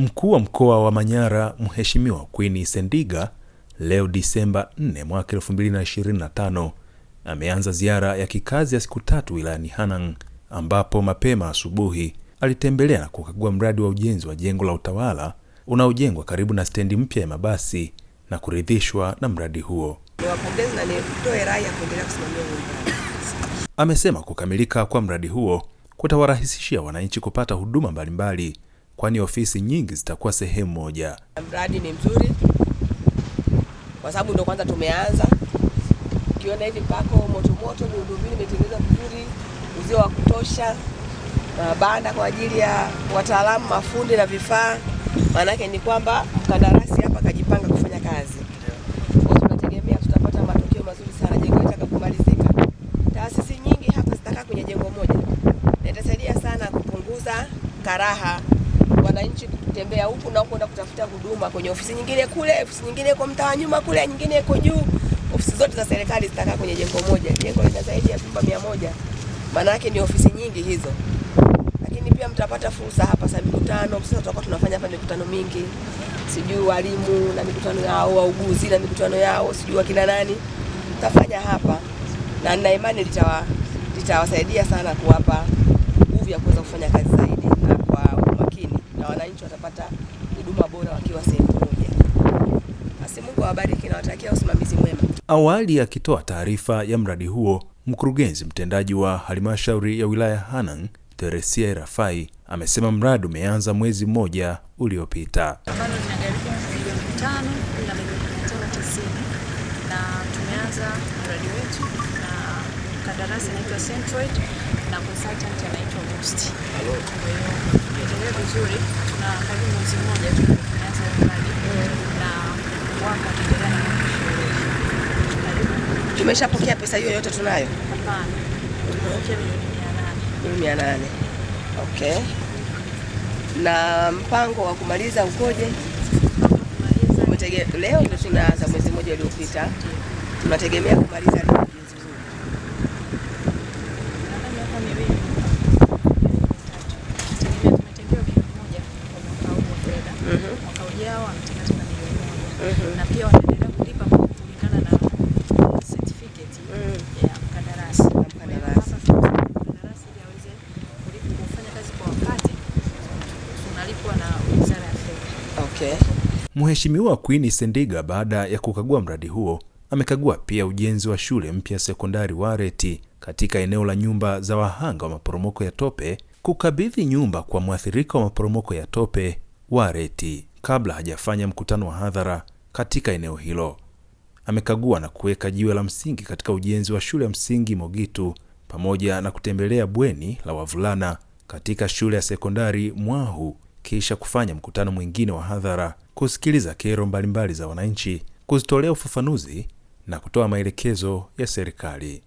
Mkuu wa mkoa wa Manyara Mheshimiwa Queen Sendiga leo Disemba 4 mwaka 2025 ameanza ziara ya kikazi ya siku tatu wilayani Hanang ambapo mapema asubuhi alitembelea na kukagua mradi wa ujenzi wa jengo la utawala unaojengwa karibu na stendi mpya ya mabasi na kuridhishwa na mradi huo. Amesema kukamilika kwa mradi huo kutawarahisishia wananchi kupata huduma mbalimbali kwani ofisi nyingi zitakuwa sehemu moja. Mradi ni mzuri kwa sababu ndio kwanza tumeanza. Ukiona hivi pako moto motomoto, miundombinu imetengenezwa vizuri, uzio wa kutosha, mabanda kwa ajili ya wataalamu, mafundi na vifaa. Maanake ni kwamba mkandarasi hapa kajipanga kufanya kazi kwa, tunategemea tutapata matokeo mazuri sana jengo litakapomalizika. Taasisi nyingi hapa zitakaa kwenye jengo moja na itasaidia sana kupunguza karaha wananchi kutembea huku na kwenda kutafuta huduma kwenye ofisi nyingine kule, ofisi nyingine kwa mtaa nyuma kule, nyingine iko juu. Ofisi zote za serikali zitakaa kwenye jengo moja. Jengo lina zaidi ya vyumba mia moja, maana yake ni ofisi nyingi hizo. Lakini pia mtapata fursa hapa sasa, mikutano sasa tutakuwa tunafanya hapa mikutano mingi, sijui walimu na mikutano yao, wauguzi na mikutano yao, sijui wakina nani, tutafanya hapa na nina imani litawasaidia litawa sana kuwapa nguvu ya kuweza kufanya kazi zaidi wananchi watapata huduma bora wakiwa sehemu moja. Basi Mungu awabariki na watakia usimamizi mwema. Awali akitoa taarifa ya mradi huo, mkurugenzi mtendaji wa halmashauri ya wilaya Hanang' Teresia Rafai amesema mradi umeanza mwezi mmoja uliopita na tumeanza mradi wetu na Mkandarasi anaitwa Centroid na consultant anaitwa Boost. Endelea vizuri, tuna karibu mwezi mmoja tumeanza mradi na waka tunaendelea na tumeshapokea pesa hiyo yote tunayo? Hapana. Tumepokea milioni 800. Okay. Na mpango wa kumaliza ukoje? Leo ndio tunaanza, mwezi mmoja uliopita, tunategemea kumaliza na pia wanaendelea kulipa kulingana na certificate mm. ya mkandarasi mkandarasi aweze kufanya kazi kwa wakati, tunalipwa na Wizara ya Fedha. Okay. Mheshimiwa Queen Sendiga baada ya kukagua mradi huo amekagua pia ujenzi wa shule mpya sekondari Wareti katika eneo la nyumba za wahanga wa maporomoko ya tope, kukabidhi nyumba kwa mwathirika wa maporomoko ya tope Wareti kabla hajafanya mkutano wa hadhara katika eneo hilo. Amekagua na kuweka jiwe la msingi katika ujenzi wa shule ya msingi Mogitu pamoja na kutembelea bweni la wavulana katika shule ya sekondari Mwahu, kisha kufanya mkutano mwingine wa hadhara kusikiliza kero mbalimbali za wananchi, kuzitolea ufafanuzi na kutoa maelekezo ya serikali.